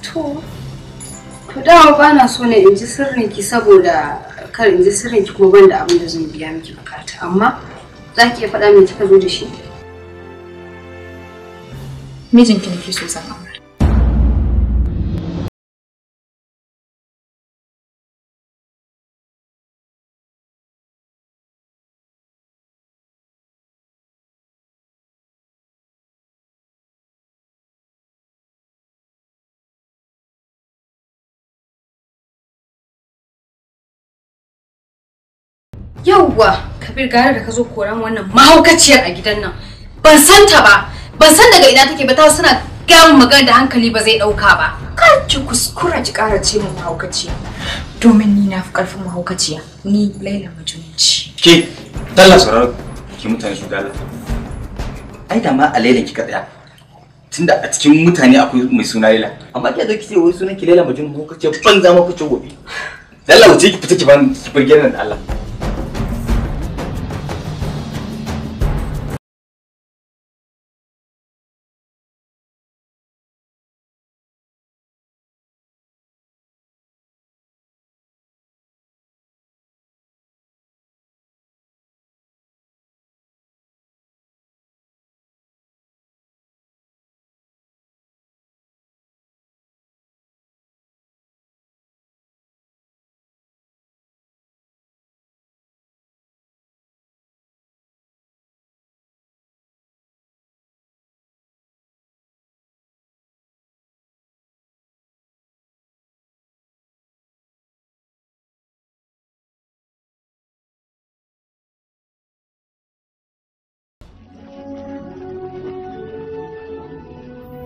to To dama ba na so ne in ji sirrinki saboda kar in ji sirrinki kuma ban da abin da zan biya miki bukata amma za ki iya faɗa min kika zo da shi? Mijinki nake so zan Yauwa, Kabir gare da ka zo koran wannan mahaukaciyar a gidan nan. Ban san ta ba, ban san daga ina take ba ta suna gamun magana da hankali ba zai ɗauka ba. Kar ki kuskura ki ƙara ce mu mahaukaciya. Domin ni na fi ƙarfin mahaukaciya, ni Laila Majunci. Ke, dalla sauraro ki mutane su dalla. Ai da ma a Laila kika tsaya. Tunda a cikin mutane akwai mai suna Laila. Amma ki zo ki ce wai sunan ki Laila Majunci mahaukaciya ban za ma ku ce gobe. Dalla wuce ki fita ki ban ki bar gidan da Allah.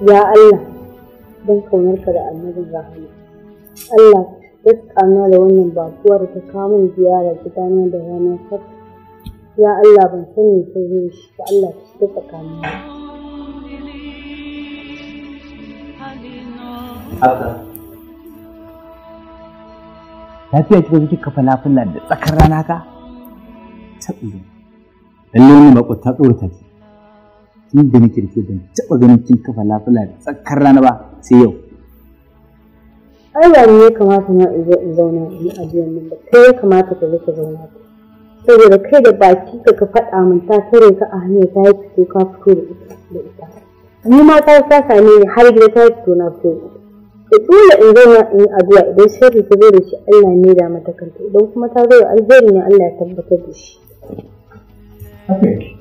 ya Allah don kaunarka da annabin rahama Allah ya tsana da wannan bakuwa da ta kamun ziyara gidana da ranar sab ya Allah ban san ta zai shi ba Allah ta shiga tsakanin haka lafiya kika zo kika falafulan da tsakar rana ka ta Dan lallai ne makwabta tsorata ce tun da nake da ke taɓa ganin kin kafa lafula da tsakar rana ba sai yau. Ai ba ne ya kamata na in zauna in ajiyar nan ba kai ya kamata ka ka zauna ba. Saboda kai da baki ka ka faɗa min ta tare ka a hanyar ta yi fito ka fito da ita. Ni ma ta sa same ni har gida ta yi fito na fito Ka ita. dole in zauna in yi addu'a idan sharri ta zo da shi Allah ne da mata kanta idan kuma ta zo da alheri ne Allah ya tabbatar da shi. Okay.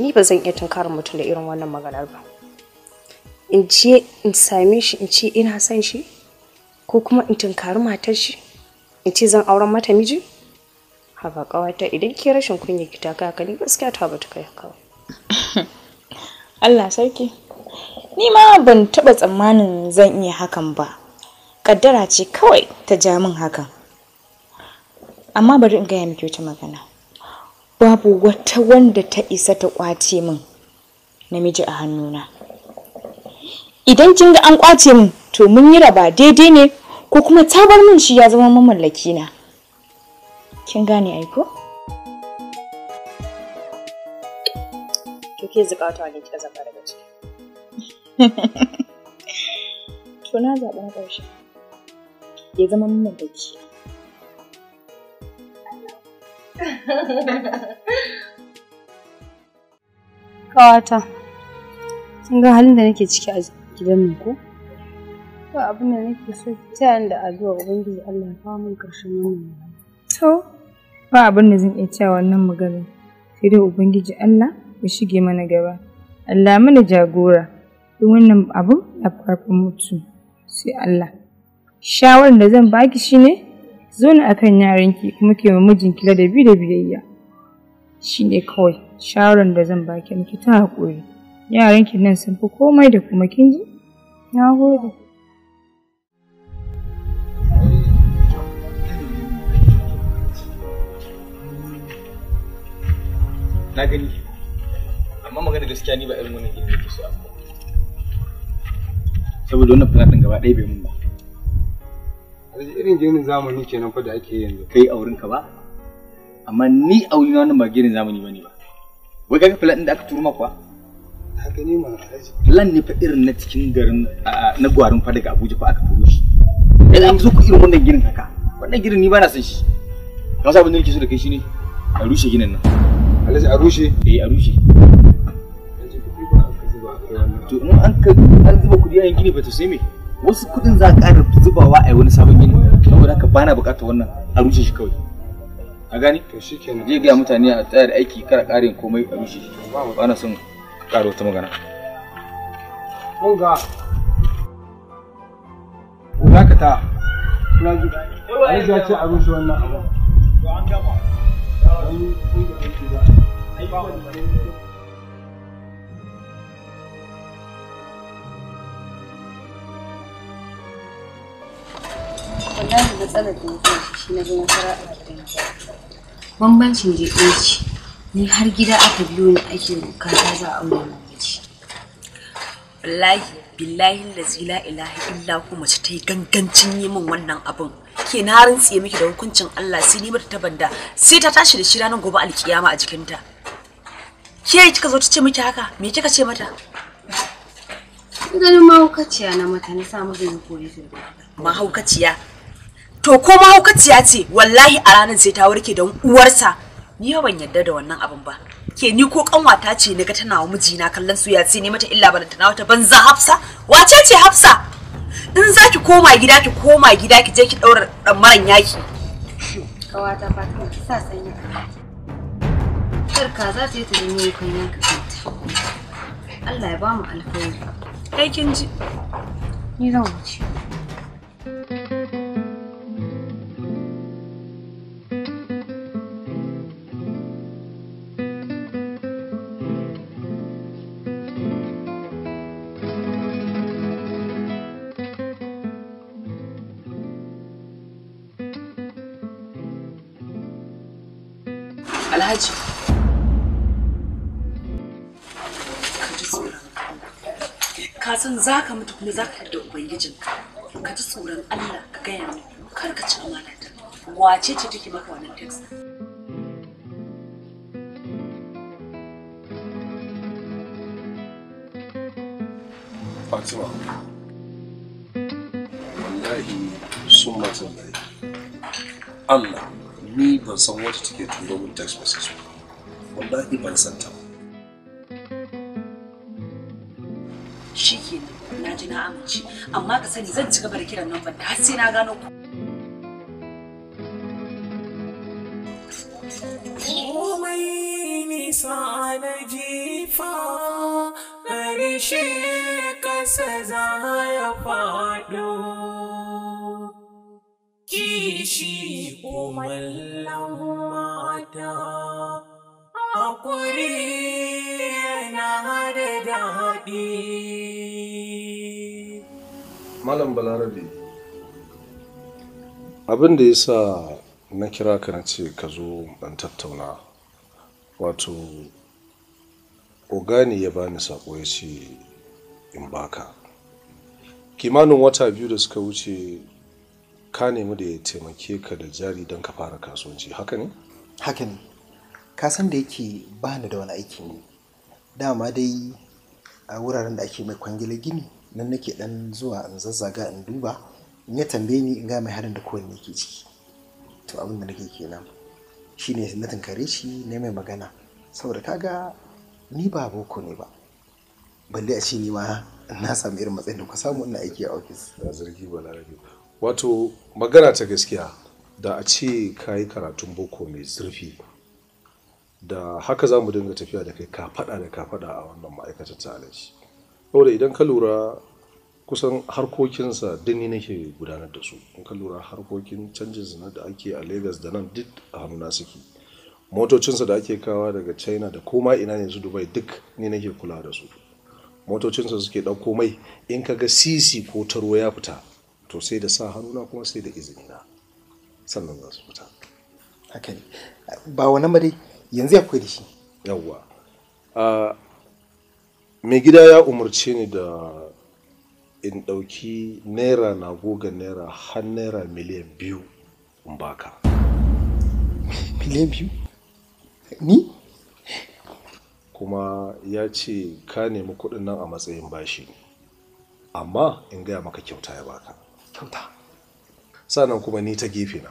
ni ba zan iya tunkar mutum da irin wannan maganar ba in ce in same shi in ce ina son shi ko kuma in tunkari matar shi in ce zan auren mata miji haka kawata idan ke rashin kunya ki ta ka ni gaskiya ta bata kai kawo. *laughs* Allah sarki ni ma ban taba tsammanin zan iya hakan ba kaddara ce kawai ta ja min hakan amma bari in gaya miki wata magana babu wata wanda ta isa ta kwace min namiji a hannuna idan kin ga an kwace min to mun yi raba daidai ne ko kuma ta bar min shi ya zama mamallaki na kin gane aiko to ke zakata ne ta zama daga ciki *laughs* to na na karshe ya zama mamallaki na Kawata, sun ga halin da nake ciki a gidan mu ko? Ba abin da nake so ta yin da addu'a Ubangiji Allah ya kawo min ƙarshen wannan To, ba abin da zan iya cewa wannan magana. Sai dai Ubangiji Allah ya shige mana gaba. Allah mana jagora. Duk wannan abu a farkon mutu. Sai Allah. Shawarar da zan baki shine zauna akan yaranki kuma ke mijinki ladabi da biyayya shi ne kawai shawaran da zan baki miki ta haƙuri yaranki nan sun fi komai da kuma kin ji na gode na gani amma magana gaskiya ni ba irin wani gini ne ke so saboda wannan fulatin gaba ɗaya bai mun ba irin ginin zamani kenan fa da ake yanzu kai auren ka ba amma ni auren wannan ba ginin zamani bane ba wai kaga filan din da aka turma kuwa haka ne ma filan ne fa irin na cikin garin na gwarin fa daga Abuja fa aka turo shi idan an zo ku irin wannan ginin haka wannan ginin ni ba na shi ka sa abin da nake so da kai shine a rushe ginin nan a rushe eh a rushe to in an ka an zuba kudi a gini ba to sai me wasu kuɗin za a ƙara zubawa a yi wani sabon gini saboda haka bana buƙatar wannan a rushe shi kawai a gani to shikenan zai gaya mutane a tsaya da aiki kar a ƙarin komai a rushe shi ba na son ƙara wata magana kun ga ka ta na a rushe wannan abu an gama wallahi matsalar da nake shi na zo fara a gidan bambancin da ya ce ni har gida aka biyo ni ake bukata za a aure na mace wallahi billahi lazi la ilaha illa ku mace ta yi gangancin yi min wannan abin ke na rintse miki da hukuncin Allah sai ni mata ta banda sai ta tashi da shi ranar gobe alkiyama a jikinta ke kika zo ta ce miki haka me kika ce mata ganin mahaukaciya na mata na sa mata ya kore su mahaukaciya to ko mahaukaciya ce wallahi a ranar sai ta warke don uwarsa ni ban yadda da wannan abin ba ke ni ko kanwata ce na ga tana wa mijina kallon su ya ce ne mata illa bana tana wata banza hafsa wace ce hafsa in za ki koma gida ki koma gida ki je ki daura dan maran yaki kawata ta ki sa sanya karka za ta yi ta janyo kunya ka Allah ya ba mu alkhairi kai kin ji ni zan wuce Alhaji. Ka san za ka mutu kuma za ka da Ubangijin. Ka ji tsoron Allah ka gaya min kar ka ci amana ta. Wace ce take maka wannan text? Fatima. Wallahi sun matan Allah ni ban san wacce take turo min text message ba wallahi ban san ta shi ke na ji na amince amma ka sani zan ci gaba da kiran nan da har sai na gano ku komai nisa na jifa ƙarshe ƙasa za ya faɗo ومن له hakuri da daɗi. Malam Balarabe, abin da ya sa na kira ka na ce ka zo an tattauna wato ogani ya bani saƙo ya ce in baka kimanin wata biyu da suka wuce ka nemi da ya taimake ka da jari don ka fara kasuwanci haka ne? haka ne ka san da yake ba ni da wani aiki ne dama dai a wuraren da ake mai kwangila gini nan nake dan zuwa in zazzaga in duba in ya tambaye ni in ga mai halin da kowanne yake ciki to abin da nake kenan shine na tunkare shi ne mai magana saboda kaga ni ba boko ne ba balle a ce ni ma na samu irin matsayin da ku samu ina aiki a ofis da zargi ba ba wato magana ta gaskiya da a ce ka yi karatun boko mai zurfi da haka za mu dinga tafiya da kai ka faɗa da ka faɗa a wannan ma'aikatar ta alaji saboda idan ka lura kusan harkokinsa duk ni nake gudanar da su in ka lura harkokin canjin zina da ake a lagos da nan duk a hannuna suke motocinsa da ake kawa daga china da koma ina yanzu dubai duk ni nake kula da su motocinsa suke ɗauko mai in ka ga sisi ko taro ya fita to sai da sa hannuna kuma sai da izini na sannan za su fita haka ne ba wani mare yanzu akwai da shi yawwa mai gida ya umarce ni da in ɗauki naira na goga naira har naira miliyan biyu in baka miliyan biyu ni kuma ya ce ka nemi kuɗin nan a matsayin bashi amma in gaya maka kyauta ya baka kyauta sannan kuma ni ta gefe na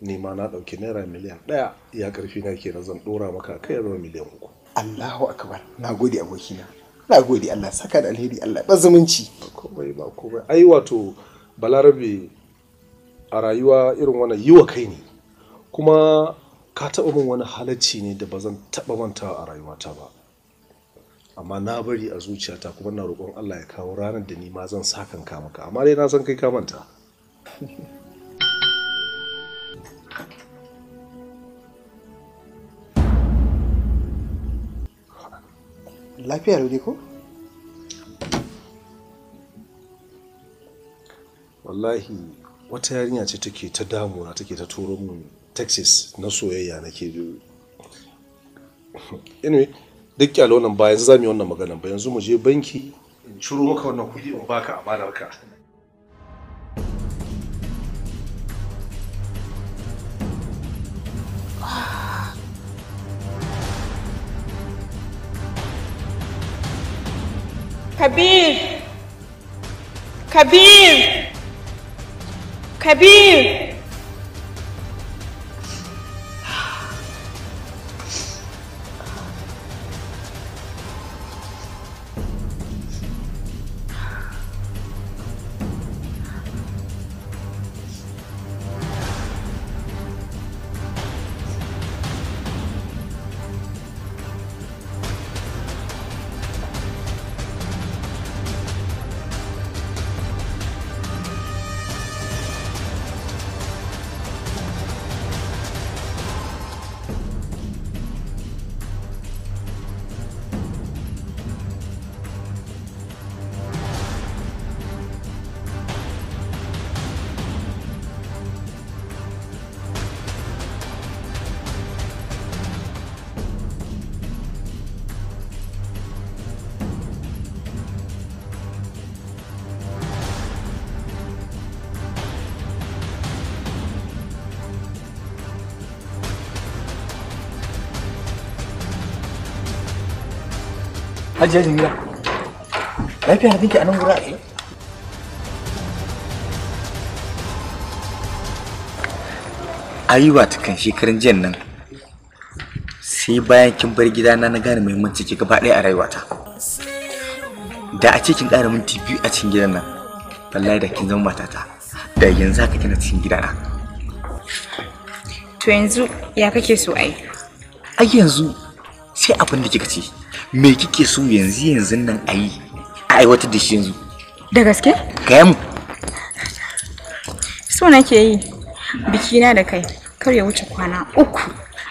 ni ma na dauki naira miliyan ɗaya ya ƙarfi na ke zan ɗora maka kai ruwa miliyan uku Allahu akbar na gode abokina na gode Allah saka da alheri Allah ba zumunci komai ba komai ai wato balarabe a rayuwa irin wannan yi wa kai ne kuma ka taɓa min wani halacci ne da ba zan taɓa mantawa a rayuwata ba amma na bari a zuciyata kuma na roƙon Allah ya kawo ranar da ni ma zan sakan ka maka amma dai na san kai ka manta lafiya ne ko wallahi wata yarinya ce take ta damuna take ta turo mun texas na soyayya nake anyway duk kyale wannan ba yanzu zamu yi wannan magana ba yanzu mu je banki in ciro maka wannan kuɗi in baka amanar ka Kabir! Kabir! Kabir! hajiya jamila lafiya na dinki a nan wura eh ayuba ta kan shekarun jiyan nan sai bayan kin bar gidana na gane muhimmanci ki gaba ɗaya a rayuwata da a ce kin ƙara minti biyu a cikin gidan nan wallahi da kin zama matata da yanzu haka kina cikin gidana to yanzu ya kake so ai ai yanzu sai abin da kika ce me kike so yanzu yanzu nan a yi a aiwatar da shi yanzu da gaske gaya mu so nake yi bikina da kai kar ya wuce kwana uku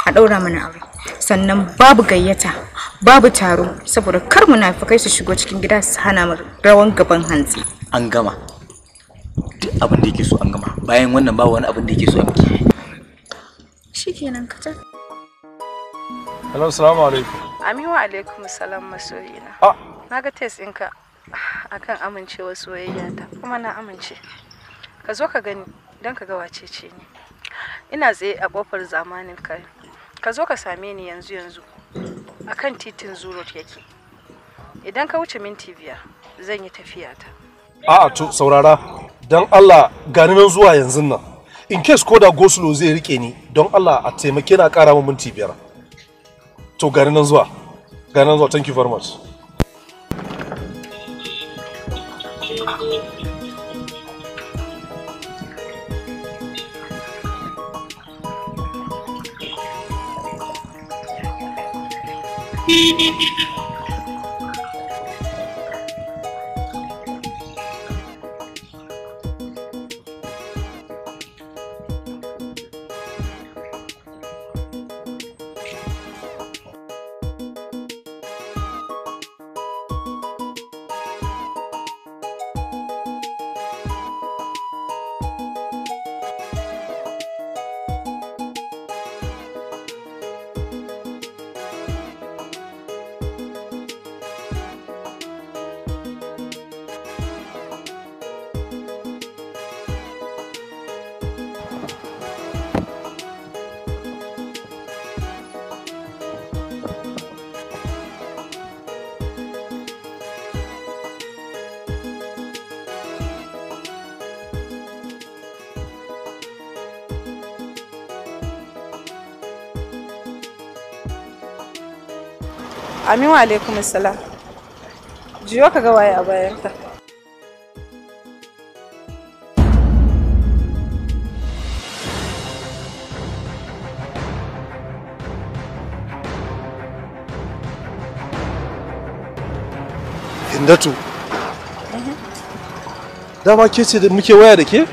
a ɗaura mana aure sannan babu gayyata babu taro saboda kar munafukai su shigo cikin gida su hana mu rawan gaban hantsi an gama duk abin da yake so an gama bayan wannan ba wani abin da yake so a miki shikenan ta hello assalamu alaikum Amiwa alaikum salam masoyina. Ah. Na ga test ɗinka akan amincewa soyayya ta kuma na amince. Ka zo ka gani don ka ga wace ce ni. Ina tsaye a kofar zamanin kai. Ka zo ka same ni yanzu yanzu. Akan titin zuro yake. Idan ka wuce minti biyar zan yi tafiya ta. A'a to saurara don Allah gani nan zuwa yanzu nan. In case ko da goslo zai rike ni don Allah a taimake na ƙara minti biyar. to gari nan zuwa gari nan zuwa thank you very much Thank you. amin wa alaikum assalam jiyo ka ga waye a bayanta Hindatu. Dama ke ce da muke waya da ke?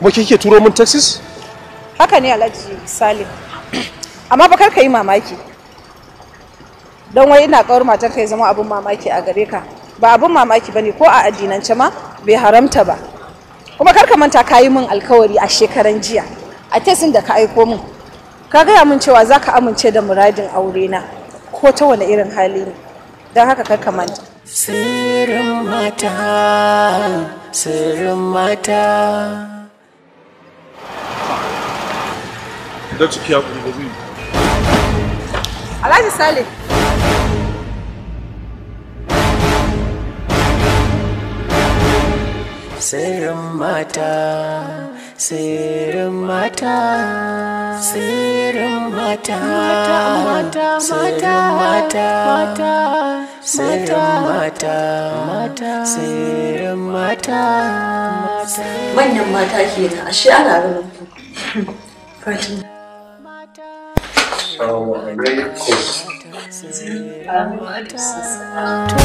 Kuma ke ke turo min taxis? Haka ne Alhaji Salim. Amma ba kar ka yi mamaki. don wai ina kawar matar ka ya zama abin mamaki a gare ka ba abin mamaki bane ko a addinance ma bai haramta ba kuma kar ka manta kayi min alkawari a shekaran jiya a tesin da ka aiko min ka gaya min cewa za ka amince da muradin aure na ko ta wani irin hali ne don haka kar ka manta sirrin mata sirrin mata ciki ya Alhaji Saleh. sirrin mata sirrin mata sirrin mata mata mata mata mata mata mata mata sirrin mata manyan mata ke na ashe ana mata ku mata Sirin mata.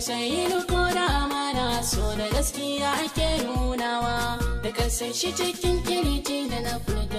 tausayi lukur'a mana so da gaskiya ake nunawa da kasance cikin kirji da na kula